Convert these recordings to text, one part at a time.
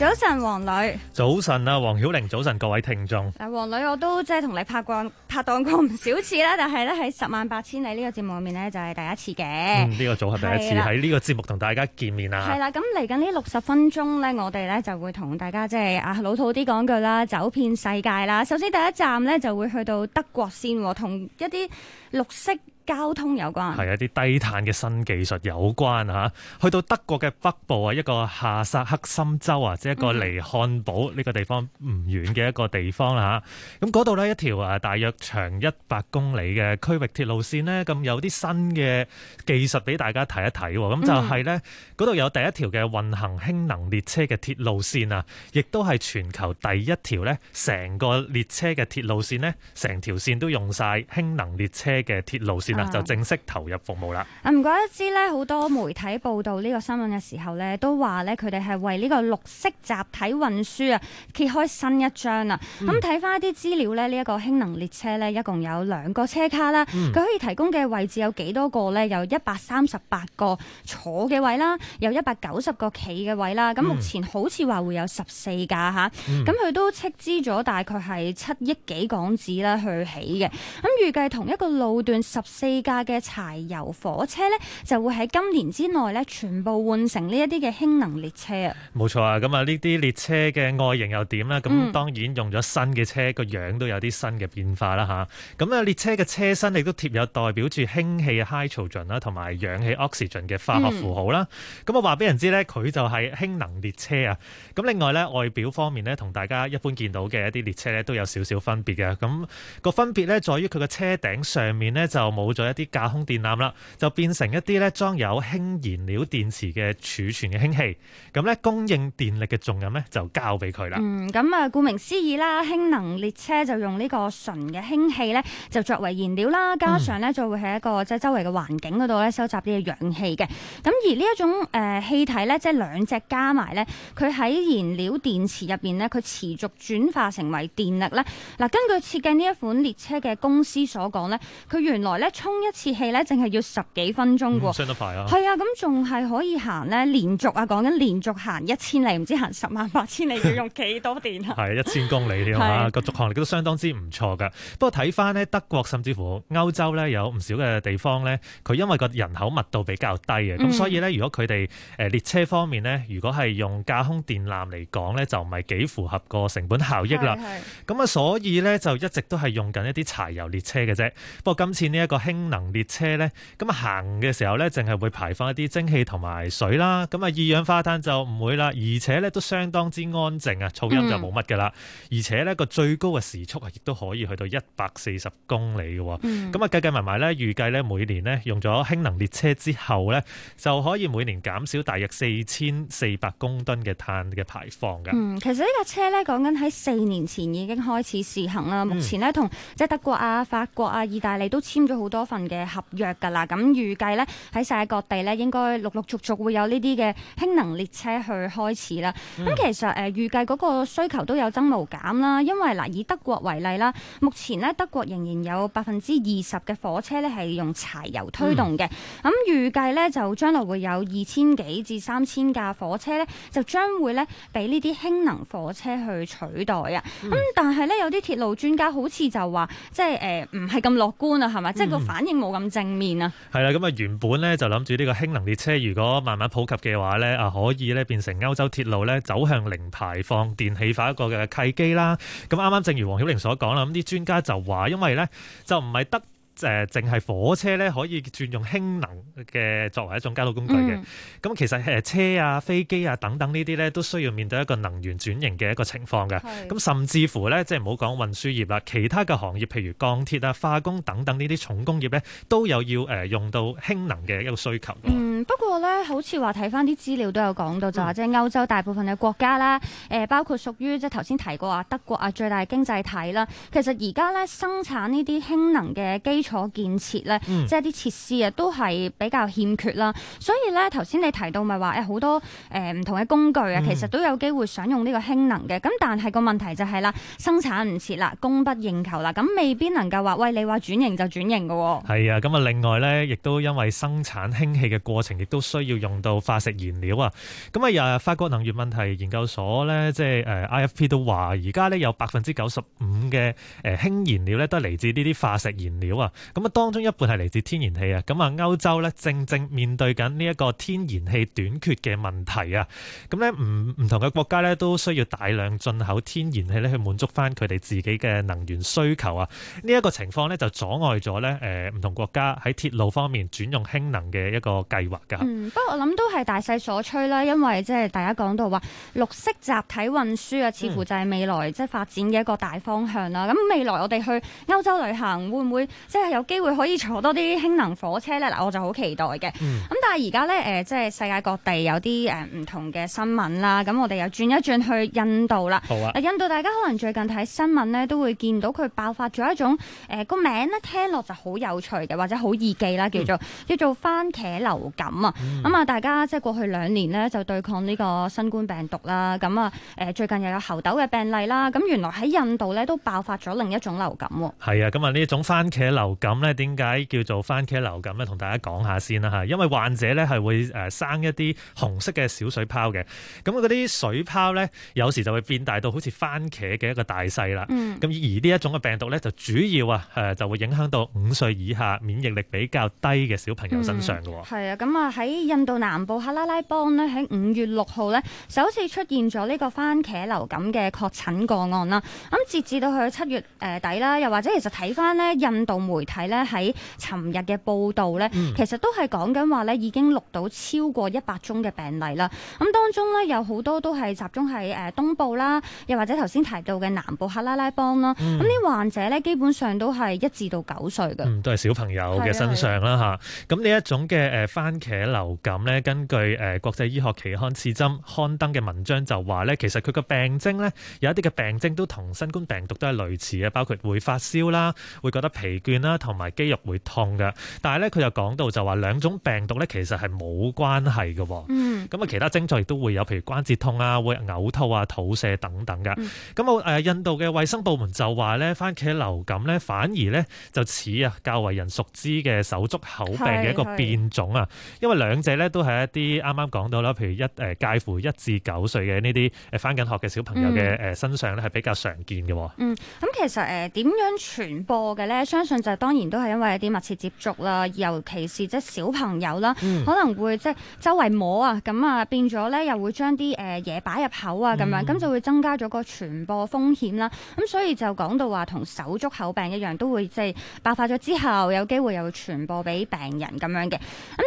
早晨，王女。早晨啊，王曉玲，早晨各位聽眾。嗱，王女我都即係同你拍過拍檔過唔少次啦，但係咧喺十萬八千里呢個節目裏面咧就係第一次嘅。嗯，呢、呢個組合第一次喺呢個節目同大家見面啦。係啦了，咁嚟緊呢六十分鐘咧，我哋咧就會同大家即係啊老土啲講句啦，走遍世界啦。首先第一站咧就會去到德國先，同一啲綠色。交通有關，係有啲低碳嘅新技術有關嚇、啊。去到德國嘅北部啊，一個下薩克森州啊，即係一個離漢堡呢、嗯、個地方唔遠嘅一個地方啦，咁嗰度呢，啊、一條啊，大約長一百公里嘅區域鐵路線看看呢，咁有啲新嘅技術俾大家睇一睇。咁就係呢，嗰度有第一條嘅運行氫能列車嘅鐵路線啊，亦都係全球第一條呢成個列車嘅鐵路線呢成條線都用晒氫能列車嘅鐵路線。嗯就正式投入服務啦！啊，唔怪得知咧，好多媒體報道呢個新聞嘅時候咧，都話咧佢哋係為呢個綠色集體運輸啊揭開新一章啦。咁睇翻一啲資料咧，呢、這、一個氫能列車咧，一共有兩個車卡啦，佢、嗯、可以提供嘅位置有幾多個？咧？有一百三十八個坐嘅位啦，有一百九十個企嘅位啦。咁目前好似話會有十四架嚇，咁佢、嗯嗯、都斥資咗大概係七億幾港紙咧去起嘅。咁預計同一個路段十四。四架嘅柴油火車咧，就會喺今年之內咧，全部換成呢一啲嘅氫能列車啊！冇錯啊！咁啊，呢啲列車嘅外形又點咧？咁、嗯、當然用咗新嘅車，個樣都有啲新嘅變化啦，吓！咁啊，列車嘅車身亦都貼有代表住氫氣 hydrogen 啦，同埋氧氣 oxygen 嘅化學符號啦。咁啊、嗯，話俾人知咧，佢就係氫能列車啊！咁另外咧，外表方面咧，同大家一般見到嘅一啲列車咧，都有少少分別嘅。咁、那個分別咧，在於佢嘅車頂上面咧，就冇。咗一啲架空電纜啦，就變成一啲咧裝有氫燃料電池嘅儲存嘅氫氣，咁咧供應電力嘅重任咧就交俾佢啦。嗯，咁啊，顧名思義啦，氫能列車就用呢個純嘅氫氣咧，就作為燃料啦，加上咧就會喺一個、嗯、即係周圍嘅環境嗰度咧收集呢個氧氣嘅。咁而呢一種誒、呃、氣體咧，即係兩隻加埋咧，佢喺燃料電池入邊咧，佢持續轉化成為電力咧。嗱，根據設計呢一款列車嘅公司所講咧，佢原來咧。充一次氣咧，淨係要十幾分鐘喎。充得、嗯、快啊！係啊，咁仲係可以行咧，連續啊，講緊連續行一千里，唔知行十萬八千里要用幾多電啊？係 一千公里添是啊，個續航力都相當之唔錯嘅。不過睇翻呢，德國甚至乎歐洲呢，有唔少嘅地方呢，佢因為個人口密度比較低嘅，咁、嗯、所以呢，如果佢哋誒列車方面呢，如果係用架空電纜嚟講呢，就唔係幾符合個成本效益啦。咁啊的，的所以呢，就一直都係用緊一啲柴油列車嘅啫。不過今次呢、這、一個。氫能列車咧，咁啊行嘅時候咧，淨係會排放一啲蒸汽同埋水啦，咁啊二氧化碳就唔會啦，而且咧都相當之安靜啊，噪音就冇乜噶啦，嗯、而且咧個最高嘅時速啊，亦都可以去到一百四十公里嘅，咁啊計計埋埋咧，預計咧每年咧用咗氫能列車之後咧，就可以每年減少大約四千四百公噸嘅碳嘅排放噶。嗯，其實呢架車咧，講緊喺四年前已經開始試行啦，嗯、目前咧同即係德國啊、法國啊、意大利都簽咗好多。份嘅合約噶啦，咁預計咧喺世界各地咧應該陸陸續續會有呢啲嘅氫能列車去開始啦。咁其實誒預計嗰個需求都有增無減啦，因為嗱、呃、以德國為例啦，目前咧德國仍然有百分之二十嘅火車咧係用柴油推動嘅。咁預計咧就將來會有二千幾至三千架火車咧就將會咧俾呢啲氫能火車去取代啊。咁、嗯嗯、但係咧有啲鐵路專家好似就話即係誒唔係咁樂觀啊，係咪？即係個。呃反應冇咁正面啊！係啦，咁啊原本咧就諗住呢個氫能列車，如果慢慢普及嘅話咧，啊可以咧變成歐洲鐵路咧走向零排放、電氣化一個嘅契機啦。咁啱啱正如黃曉玲所講啦，咁啲專家就話，因為咧就唔係得。誒淨係火車咧可以轉用氫能嘅作為一種交通工具嘅，咁、嗯、其實誒、呃、車啊、飛機啊等等呢啲咧都需要面對一個能源轉型嘅一個情況嘅。咁是、嗯、甚至乎咧，即係唔好講運輸業啦，其他嘅行業譬如鋼鐵啊、化工等等呢啲重工業咧，都有要誒、呃、用到氫能嘅一個需求。嗯。不過咧，好似話睇翻啲資料都有講到，就話即係歐洲大部分嘅國家咧，誒、呃，包括屬於即係頭先提過啊，德國啊最大經濟體啦。其實而家咧生產呢啲氫能嘅基礎建設咧，嗯、即係啲設施啊，都係比較欠缺啦。所以咧，頭先你提到咪話誒，好多誒唔同嘅工具啊，其實都有機會想用呢個氫能嘅。咁、嗯、但係個問題就係、是、啦，生產唔切啦，供不應求啦，咁未必能夠話喂，你話轉型就轉型噶、哦。係啊，咁啊，另外咧，亦都因為生產氫氣嘅過程。亦都需要用到化石燃料啊，咁啊，法國能源問題研究所咧，即係誒 IFP 都話，而家咧有百分之九十五嘅誒氫燃料咧都係嚟自呢啲化石燃料啊，咁啊當中一半係嚟自天然氣啊，咁啊歐洲咧正正面對緊呢一個天然氣短缺嘅問題啊，咁咧唔唔同嘅國家咧都需要大量進口天然氣咧去滿足翻佢哋自己嘅能源需求啊，呢一個情況咧就阻礙咗咧誒唔同國家喺鐵路方面轉用氫能嘅一個計劃。嗯，不過我諗都係大勢所趨啦，因為即係大家講到話綠色集體運輸啊，似乎就係未來即係發展嘅一個大方向啦。咁、嗯、未來我哋去歐洲旅行會唔會即係有機會可以坐多啲氫能火車呢？嗱，我就好期待嘅。咁、嗯、但係而家呢，誒，即係世界各地有啲誒唔同嘅新聞啦。咁我哋又轉一轉去印度啦。啊、印度大家可能最近睇新聞呢，都會見到佢爆發咗一種誒個、呃、名呢聽落就好有趣嘅或者好易記啦，叫做叫做番茄流感。咁啊，嗯、大家即係過去兩年呢，就對抗呢個新冠病毒啦。咁啊，誒最近又有猴痘嘅病例啦。咁原來喺印度呢，都爆發咗另一種流感。係、嗯嗯嗯嗯、啊，咁啊呢一種番茄流感呢，點解叫做番茄流感呢？同大家講下先啦嚇，因為患者呢，係會誒生一啲紅色嘅小水泡嘅。咁嗰啲水泡呢，有時就會變大到好似番茄嘅一個大細啦。咁而呢一種嘅病毒呢，就主要啊就會影響到五歲以下免疫力比較低嘅小朋友身上嘅。係啊，咁喺印度南部克拉拉邦呢，喺五月六號呢，首次出現咗呢個番茄流感嘅確診個案啦。咁截至到去七月底啦，又或者其實睇翻呢印度媒體呢，喺尋日嘅報道呢，其實都係講緊話呢已經錄到超過一百宗嘅病例啦。咁當中呢有好多都係集中喺誒東部啦，又或者頭先提到嘅南部克拉拉邦啦。咁啲、嗯、患者呢基本上都係一至到九歲嘅，都係小朋友嘅身上啦吓。咁呢一種嘅誒番茄。茄流感咧，根據誒國際醫學期刊《刺針》刊登嘅文章就話咧，其實佢個病徵咧有一啲嘅病徵都同新冠病毒都係類似嘅，包括會發燒啦，會覺得疲倦啦，同埋肌肉會痛㗎。但係咧，佢又講到就話兩種病毒咧，其實係冇關係嘅。嗯，咁啊，其他症狀亦都會有，譬如關節痛啊，會嘔吐啊、吐肚瀉等等㗎。咁啊、嗯，誒印度嘅衛生部門就話咧，番茄流感咧反而咧就似啊較為人熟知嘅手足口病嘅一個變種啊。因為兩者咧都係一啲啱啱講到啦，譬如一誒、呃、介乎一至九歲嘅呢啲誒返緊學嘅小朋友嘅誒身上咧係比較常見嘅，嗯。嗯，咁其實誒點、呃、樣傳播嘅咧？相信就當然都係因為一啲密切接觸啦，尤其是即係小朋友啦，嗯、可能會即係周圍摸啊，咁啊變咗咧又會將啲誒嘢擺入口啊，咁樣咁就會增加咗個傳播風險啦。咁、嗯、所以就講到話同手足口病一樣，都會即係爆發咗之後有機會又傳播俾病人咁樣嘅。咁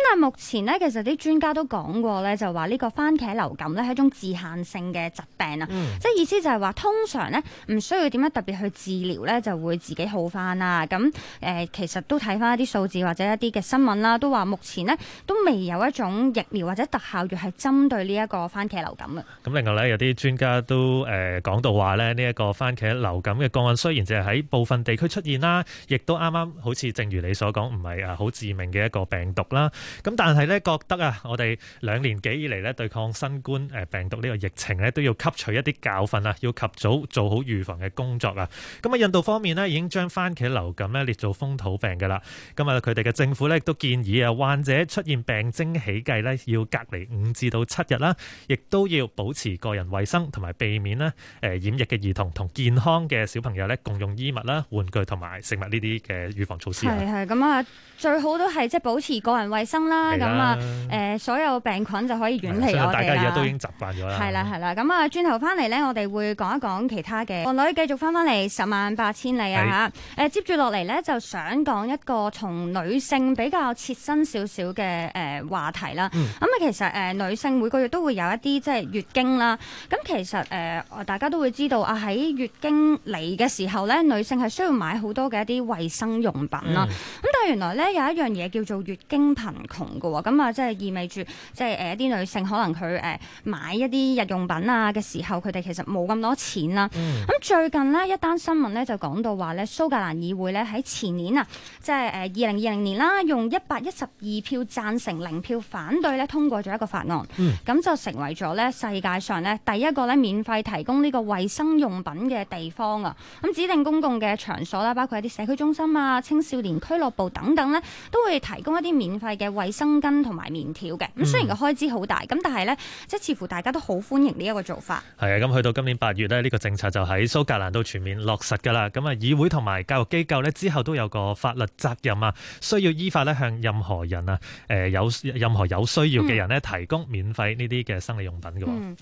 但係冇。目前呢，其實啲專家都講過咧，就話呢個番茄流感咧係一種自限性嘅疾病啊，即係、嗯、意思就係話通常呢唔需要點樣特別去治療咧，就會自己好返啦。咁誒，其實都睇返一啲數字或者一啲嘅新聞啦，都話目前呢都未有一種疫苗或者特效藥係針對呢一個番茄流感嘅。咁另外咧，有啲專家都誒講、呃、到話咧，呢一個番茄流感嘅個案雖然只係喺部分地區出現啦，亦都啱啱好似正如你所講，唔係啊好致命嘅一個病毒啦。咁但係咧，覺得啊，我哋兩年幾以嚟咧對抗新冠誒病毒呢個疫情咧，都要吸取一啲教訓啊，要及早做好預防嘅工作啊。咁啊，印度方面咧已經將番茄流感咧列做風土病㗎喇。咁啊，佢哋嘅政府咧亦都建議啊，患者出現病徵起計咧要隔離五至到七日啦，亦都要保持個人衞生，同埋避免咧誒染疫嘅兒童同健康嘅小朋友咧共用衣物啦、玩具同埋食物呢啲嘅預防措施。係係咁啊，最好都係即係保持個人衞生啦。咁啊，誒、呃，所有病菌就可以遠離啦。所以大家都已經習慣咗啦。係啦係啦，咁啊，轉頭翻嚟咧，我哋會講一講其他嘅。王女繼續翻翻嚟十萬八千里啊吓。誒是、啊，接住落嚟咧，就想講一個同女性比較切身少少嘅誒話題啦。咁啊、嗯，其實誒、呃，女性每個月都會有一啲即係月經啦。咁其實誒、呃，大家都會知道啊，喺月經嚟嘅時候咧，女性係需要買好多嘅一啲衛生用品啦。咁、嗯、但係原來咧，有一樣嘢叫做月經貧窮。嘅咁啊，即係意味住，即係誒一啲女性可能佢誒、呃、買一啲日用品啊嘅時候，佢哋其實冇咁多錢啦。咁、嗯、最近呢，一單新聞呢就講到話呢蘇格蘭議會呢喺前年啊，即係誒二零二零年啦，用一百一十二票贊成、零票反對呢通過咗一個法案，咁、嗯、就成為咗呢世界上呢第一個呢免費提供呢個衛生用品嘅地方啊。咁、嗯、指定公共嘅場所啦，包括一啲社區中心啊、青少年俱樂部等等呢，都會提供一啲免費嘅衛生、啊巾同埋棉條嘅，咁、嗯、雖然個開支好大，咁但係咧，即係似乎大家都好歡迎呢一個做法。係啊，咁去到今年八月咧，呢、這個政策就喺蘇格蘭都全面落實噶啦。咁啊，議會同埋教育機構呢，之後都有個法律責任啊，需要依法咧向任何人啊，誒、呃、有任何有需要嘅人呢，提供免費呢啲嘅生理用品嘅。咁、嗯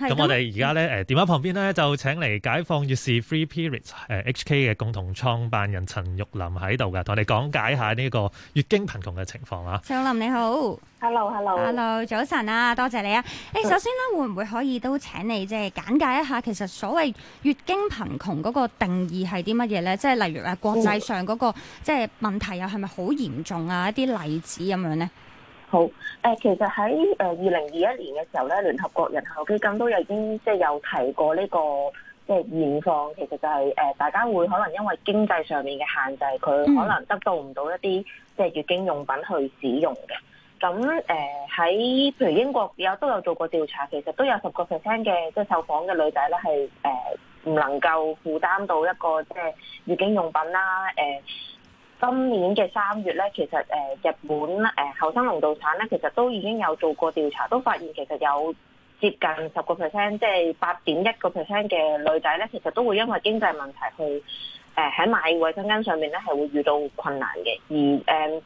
嗯、我哋而家咧，誒電話旁邊呢，就請嚟解放月事 Free Periods 誒、呃、HK 嘅共同創辦人陳鈺霖喺度噶，同我哋講解下呢個月經貧窮嘅情況啊。陳鈺霖、嗯，你好，hello hello，hello，hello，早晨啊，多謝你啊。誒、hey，首先咧，會唔會可以都請你即係簡介一下，其實所謂月經貧窮嗰個定義係啲乜嘢咧？即係例如啊，國際上嗰個即係問題又係咪好嚴重啊？一啲例子咁樣咧。好，誒、呃，其實喺誒二零二一年嘅時候咧，聯合國人口基金都有已經即係有提過呢、這個。即係現況，其實就係、是、誒、呃，大家會可能因為經濟上面嘅限制，佢可能得到唔到一啲即係月經用品去使用嘅。咁誒喺譬如英國有都有做過調查，其實都有十個 percent 嘅即係受訪嘅女仔咧係誒唔能夠負擔到一個即係月經用品啦。誒、呃，今年嘅三月咧，其實誒、呃、日本誒、呃、後生農道產咧，其實都已經有做過調查，都發現其實有。接近十個 percent，即係八點一個 percent 嘅女仔咧，其實都會因為經濟問題去誒喺、呃、買衛生巾上面咧，係會遇到困難嘅。而誒、呃、呢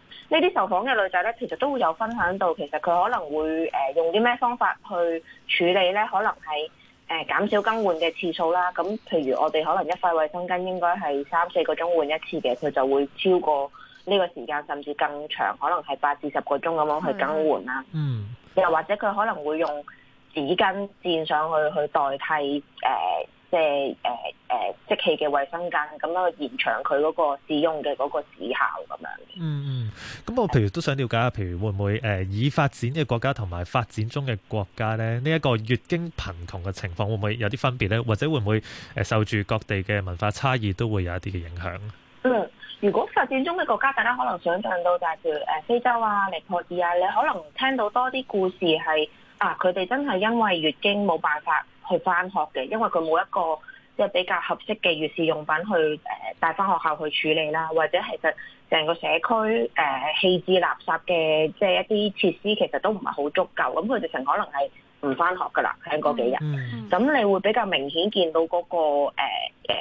啲受訪嘅女仔咧，其實都會有分享到，其實佢可能會誒、呃、用啲咩方法去處理咧，可能係誒減少更換嘅次數啦。咁譬如我哋可能一塊衛生巾應該係三四個鐘換一次嘅，佢就會超過呢個時間，甚至更長，可能係八至十個鐘咁樣去更換啦。嗯。又、嗯、或者佢可能會用。紙巾墊上去去代替誒，即係誒誒即棄嘅衞生巾，咁樣去延長佢嗰個使用嘅嗰個時效咁樣。嗯，咁我譬如都想了解下，譬如會唔會誒已發展嘅國家同埋發展中嘅國家咧，呢一個月經貧窮嘅情況會唔會有啲分別咧？或者會唔會誒受住各地嘅文化差異都會有一啲嘅影響？嗯，如果發展中嘅國家，大家可能想象到就係譬如誒非洲啊、尼泊爾啊，你可能聽到多啲故事係。啊！佢哋真係因為月經冇辦法去返學嘅，因為佢冇一個即係比較合適嘅月事用品去誒帶返學校去處理啦，或者其實成個社區誒、呃、棄置垃圾嘅即係一啲設施其實都唔係好足夠，咁佢哋成可能係。唔翻學噶啦，喺嗰幾日，咁、嗯、你會比較明顯見到嗰、那個誒誒、呃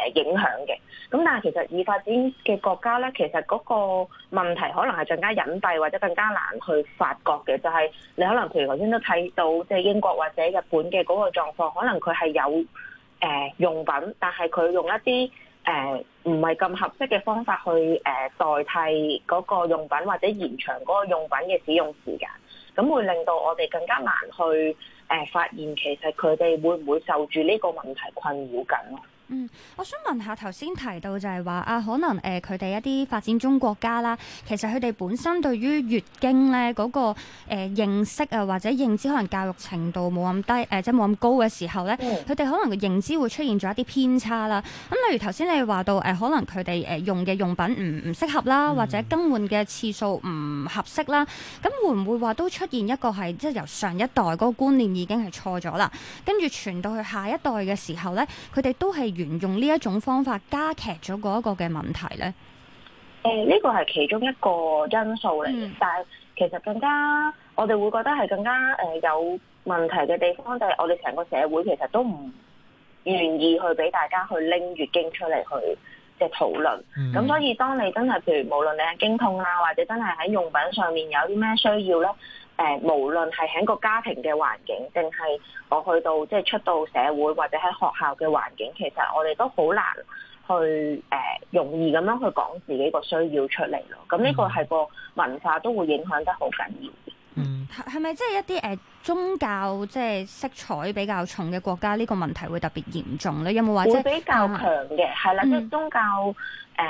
呃、影響嘅。咁但係其實已發展嘅國家咧，其實嗰個問題可能係更加隱蔽或者更加難去發覺嘅，就係、是、你可能譬如頭先都睇到，即係英國或者日本嘅嗰個狀況，可能佢係有誒、呃、用品，但係佢用一啲誒唔係咁合適嘅方法去誒、呃、代替嗰個用品或者延長嗰個用品嘅使用時間。咁會令到我哋更加難去誒發現，其實佢哋會唔會受住呢個問題困擾緊。嗯，我想問下頭先提到就係話啊，可能誒佢哋一啲發展中國家啦，其實佢哋本身對於月經咧嗰、那個誒、呃、認識啊或者認知可能教育程度冇咁低誒、呃，即冇咁高嘅時候咧，佢哋可能嘅認知會出現咗一啲偏差啦。咁、啊、例如頭先你話到誒、呃，可能佢哋誒用嘅用品唔唔適合啦，或者更換嘅次數唔合適啦，咁、嗯、會唔會話都出現一個係即係由上一代嗰個觀念已經係錯咗啦，跟住傳到去下一代嘅時候咧，佢哋都係，沿用呢一種方法加劇咗嗰一個嘅問題咧。誒呢個係其中一個因素嚟，嗯、但係其實更加我哋會覺得係更加誒、呃、有問題嘅地方就係我哋成個社會其實都唔願意去俾大家去拎月經出嚟，去即係討論，咁、嗯、所以當你真係譬如無論你係經痛啊，或者真係喺用品上面有啲咩需要咧。誒，無論係喺個家庭嘅環境，定係我去到即係出到社會，或者喺學校嘅環境，其實我哋都好難去誒、呃，容易咁樣去講自己個需要出嚟咯。咁呢個係個文化都會影響得好緊要。係咪即係一啲誒宗教即係色彩比較重嘅國家，呢、這個問題會特別嚴重咧？有冇話即係會比較強嘅？係啦、啊，即係、就是、宗教誒嘅、嗯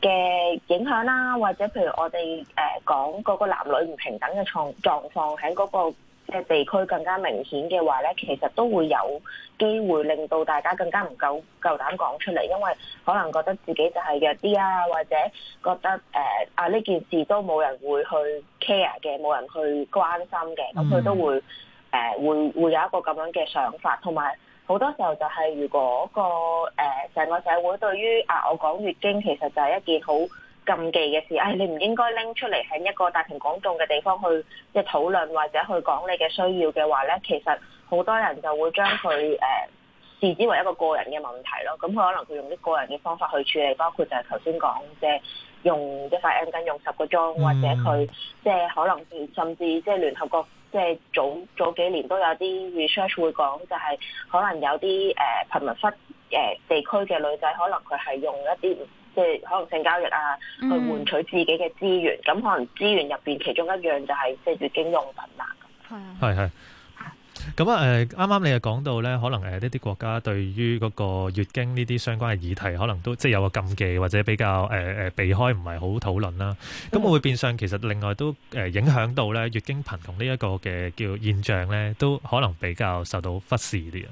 呃、影響啦，或者譬如我哋誒、呃、講嗰個男女唔平等嘅狀狀況喺嗰個嘅地區更加明顯嘅話咧，其實都會有機會令到大家更加唔夠夠膽講出嚟，因為可能覺得自己就係弱啲啊，或者覺得誒、呃、啊呢件事都冇人會去 care 嘅冇人去關心嘅，咁佢、嗯、都會誒、呃、會會有一個咁樣嘅想法，同埋好多時候就係如果、個誒成、呃、個社會對於啊我講月經其實就係一件好禁忌嘅事，誒、哎、你唔應該拎出嚟喺一個大庭廣眾嘅地方去即討論或者去講你嘅需要嘅話咧，其實好多人就會將佢誒、呃、視之為一個個人嘅問題咯，咁佢可能佢用啲個人嘅方法去處理，包括就係頭先講即用一塊 M 巾用十個鐘，嗯、或者佢即係可能甚至即係聯合國，即係早早幾年都有啲 research 會講、就係，就係可能有啲誒貧民窟誒地區嘅女仔，可能佢係用一啲即係可能性交易啊，去換取自己嘅資源。咁、嗯、可能資源入邊其中一樣就係即係月經用品啦。係係。咁啊，誒啱啱你又講到咧，可能誒呢啲國家對於嗰個月經呢啲相關嘅議題，可能都即係有個禁忌或者比較誒誒、呃、避開，唔係好討論啦。咁會變相其實另外都誒影響到咧，月經貧窮呢一個嘅叫現象咧，都可能比較受到忽視啲。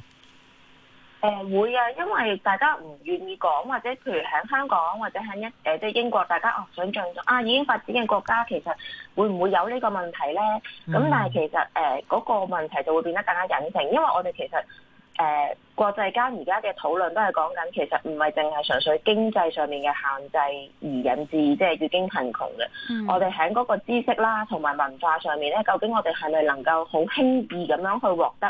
誒、呃、會啊，因為大家唔願意講，或者譬如喺香港或者喺一誒即係英國，大家哦想像中啊已經發展嘅國家，其實會唔會有呢個問題咧？咁、mm hmm. 但係其實誒嗰、呃那個問題就會變得更加隱性，因為我哋其實誒、呃、國際間而家嘅討論都係講緊，其實唔係淨係純粹經濟上面嘅限制而引致即係月經貧窮嘅。Mm hmm. 我哋喺嗰個知識啦同埋文化上面咧，究竟我哋係咪能夠好輕易咁樣去獲得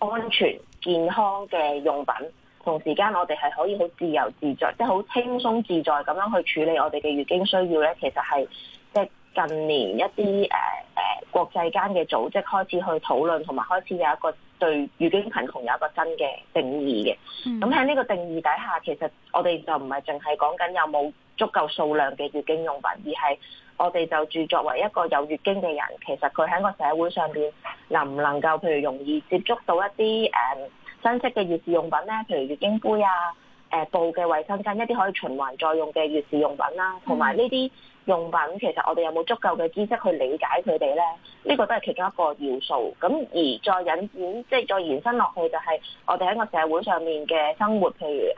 安全？Mm hmm. 健康嘅用品，同時間我哋係可以好自由自在，即係好輕鬆自在咁樣去處理我哋嘅月經需要咧。其實係即係近年一啲誒誒國際間嘅組織開始去討論，同埋開始有一個對月經貧窮有一個新嘅定義嘅。咁喺呢個定義底下，其實我哋就唔係淨係講緊有冇足夠數量嘅月經用品，而係我哋就住作為一個有月經嘅人，其實佢喺個社會上邊能唔能夠，譬如容易接觸到一啲誒、呃、新式嘅月事用品咧？譬如月經杯啊，誒布嘅衛生巾，一啲可以循環再用嘅月事用品啦、啊，同埋呢啲。用品其實我哋有冇足夠嘅知識去理解佢哋咧？呢、這個都係其中一個要素。咁而再引展，即係再延伸落去、就是，就係我哋喺個社會上面嘅生活，譬如誒，月、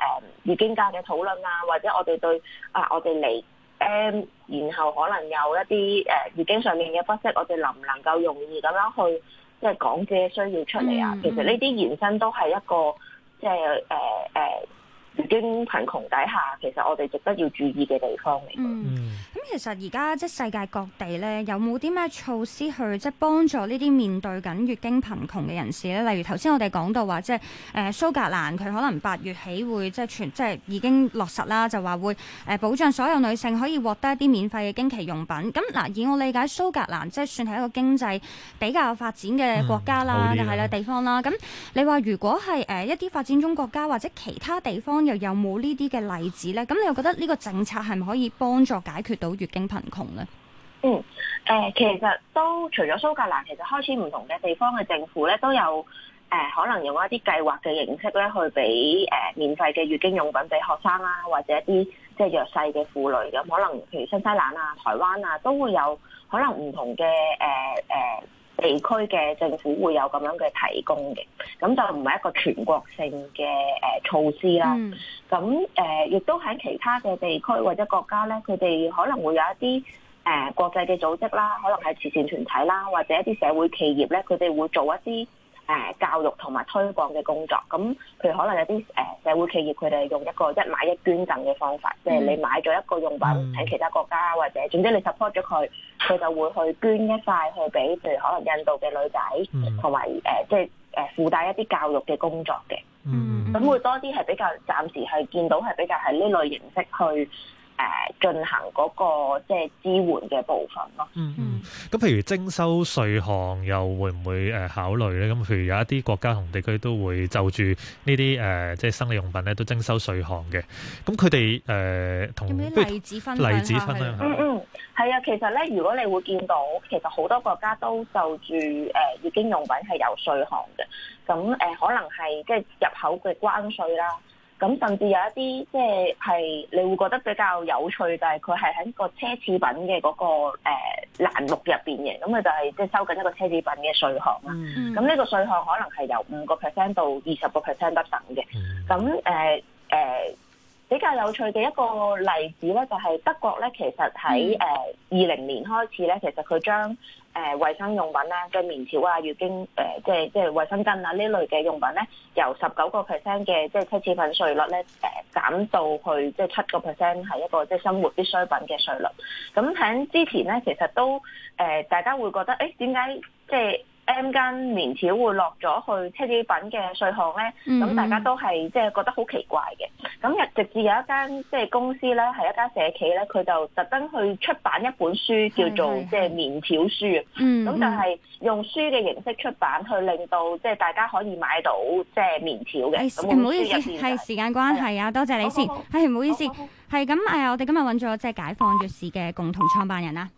呃、經嘅討論啊，或者我哋對啊，我哋嚟誒，然後可能有一啲誒，月、呃、經上面嘅不適，我哋能唔能夠容易咁樣去即係講嘅需要出嚟啊？Mm hmm. 其實呢啲延伸都係一個即係誒誒，月、呃呃、經貧窮底下，其實我哋值得要注意嘅地方嚟。Mm hmm. 其實而家即係世界各地咧？有冇啲咩措施去即係幫助呢啲面對緊月經貧窮嘅人士咧？例如頭先我哋講到話，即係誒蘇格蘭，佢可能八月起會即係全即係已經落實啦，就話會誒、呃、保障所有女性可以獲得一啲免費嘅經期用品。咁嗱，以我理解，蘇格蘭即係算係一個經濟比較發展嘅國家啦，係、嗯、啦地方啦。咁你話如果係誒、呃、一啲發展中國家或者其他地方，又有冇呢啲嘅例子咧？咁你又覺得呢個政策係咪可以幫助解決到？月經貧窮咧？嗯，誒、呃，其實都除咗蘇格蘭，其實開始唔同嘅地方嘅政府咧，都有誒、呃、可能用一啲計劃嘅形式咧，去俾誒、呃、免費嘅月經用品俾學生啦、啊，或者一啲即係弱勢嘅婦女咁、嗯，可能譬如新西蘭啊、台灣啊，都會有可能唔同嘅誒誒。呃呃地區嘅政府會有咁樣嘅提供嘅，咁就唔係一個全國性嘅誒措施啦。咁誒、嗯，亦、呃、都喺其他嘅地區或者國家咧，佢哋可能會有一啲誒、呃、國際嘅組織啦，可能係慈善團體啦，或者一啲社會企業咧，佢哋會做一啲誒教育同埋推廣嘅工作，咁佢可能有啲誒社會企業，佢哋用一個一買一捐贈嘅方法，嗯、即係你買咗一個用品喺、嗯、其他國家，或者總之你 support 咗佢，佢就會去捐一塊去俾，譬如可能印度嘅女仔，同埋誒即係誒、呃、附帶一啲教育嘅工作嘅、嗯。嗯，咁會多啲係比較暫時係見到係比較係呢類形式去。誒進行嗰個即係支援嘅部分咯。嗯嗯，咁譬如徵收稅項又會唔會誒考慮咧？咁譬如有一啲國家同地區都會就住呢啲誒即係生理用品咧都徵收稅項嘅。咁佢哋誒同例子分例子分啦。嗯嗯，係啊，其實咧如果你會見到，其實好多國家都就住誒、呃、月經用品係有稅項嘅。咁誒、呃、可能係即係入口嘅關稅啦。咁甚至有一啲即係係你會覺得比較有趣，就係佢係喺個奢侈品嘅嗰個誒欄目入邊嘅，咁佢就係即係收緊一個奢侈品嘅、那個呃、稅項啦。咁呢、mm hmm. 個稅項可能係由五個 percent 到二十個 percent 不等嘅。咁誒誒。Hmm. 比較有趣嘅一個例子咧，就係、是、德國咧，其實喺誒二零年開始咧，其實佢將誒、呃、衛生用品啦、嘅棉條啊、月經誒、呃、即係即係衛生巾啊呢類嘅用品咧，由十九個 percent 嘅即係奢侈品稅率咧，誒、呃、減到去即係七個 percent 係一個即係生活必需品嘅稅率。咁喺之前咧，其實都誒、呃、大家會覺得誒點解即係？M 間棉條會落咗去奢侈品嘅稅項咧，咁大家都係即係覺得好奇怪嘅。咁日直至有一間即係公司咧，係一間社企咧，佢就特登去出版一本書，叫做是是即係棉條書。嗯，咁就係用書嘅形式出版，去令到即係大家可以買到即係棉條嘅。唔、就是、好意思，係時間關係啊，的多謝你先。係唔、oh, oh, 哎、好意思，係咁誒，我哋今日揾咗即係解放月事嘅共同創辦人啊。